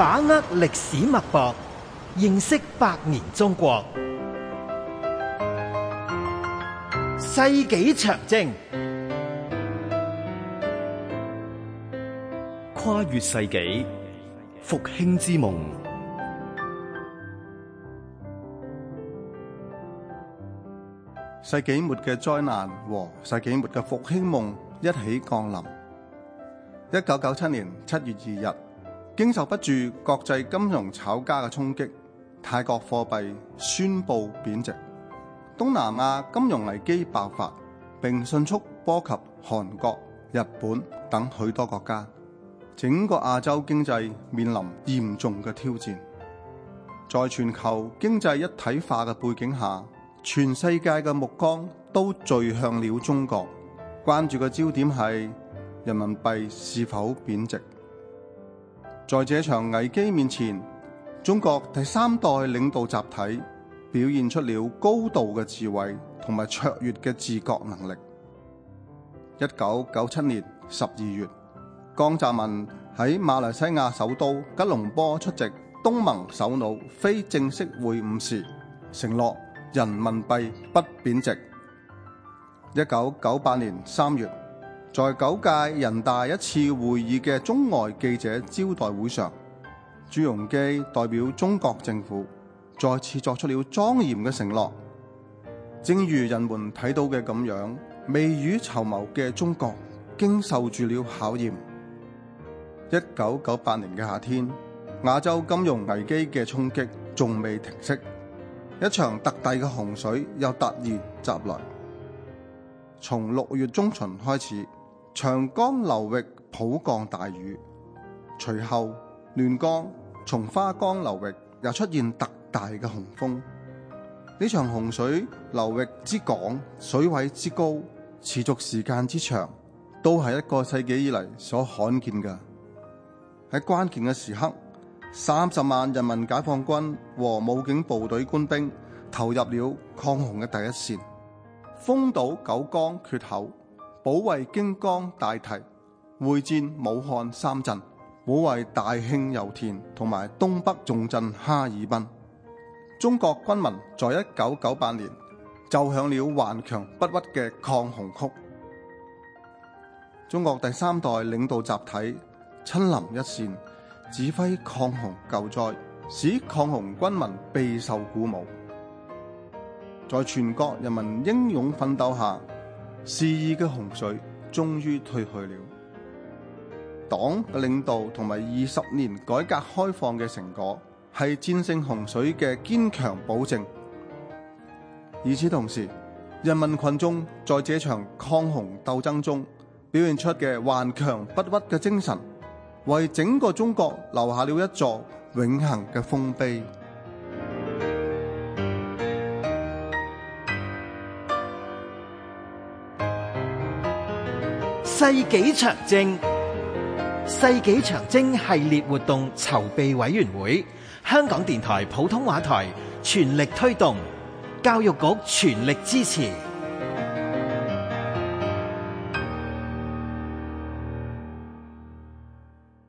把握歷史脈搏，認識百年中國。世紀長征，跨越世紀，復興之夢。世紀末嘅災難和世紀末嘅復興夢一起降臨。一九九七年七月二日。經受不住國際金融炒家嘅衝擊，泰國貨幣宣布貶值，東南亞金融危機爆發，並迅速波及韓國、日本等許多國家，整個亞洲經濟面臨嚴重嘅挑戰。在全球經濟一體化嘅背景下，全世界嘅目光都聚向了中國，關注嘅焦點係人民幣是否貶值。在這場危機面前，中國第三代領導集體表現出了高度嘅智慧同埋卓越嘅治國能力。一九九七年十二月，江澤民喺馬來西亞首都吉隆坡出席東盟首腦非正式會晤時，承諾人民幣不貶值。一九九八年三月，在九屆人大一次會議嘅中外記者招待會上，朱鎔基代表中國政府再次作出了莊嚴嘅承諾。正如人們睇到嘅咁樣，未雨綢繆嘅中國經受住了考驗。一九九八年嘅夏天，亞洲金融危機嘅衝擊仲未停息，一場特大嘅洪水又突然襲來。從六月中旬開始。長江流域普降大雨，隨後嫩江、松花江流域又出現特大嘅洪峰。呢場洪水流域之廣、水位之高、持續時間之長，都係一個世紀以嚟所罕見嘅。喺關鍵嘅時刻，三十萬人民解放軍和武警部隊官兵投入了抗洪嘅第一線，封堵九江缺口。保衛荊江大堤，會戰武漢三鎮，保衛大慶油田同埋東北重鎮哈爾濱，中國軍民在一九九八年奏響了頑強不屈嘅抗洪曲。中國第三代領導集體親臨一線，指揮抗洪救災，使抗洪軍民備受鼓舞。在全國人民英勇奮鬥下，肆意嘅洪水終於退去了，黨嘅領導同埋二十年改革開放嘅成果係戰勝洪水嘅堅強保證。與此同時，人民群眾在這場抗洪鬥爭中表現出嘅頑強不屈嘅精神，為整個中國留下了一座永恆嘅豐碑。世紀長征，世紀長征系列活動籌備委員會，香港電台普通話台全力推動，教育局全力支持。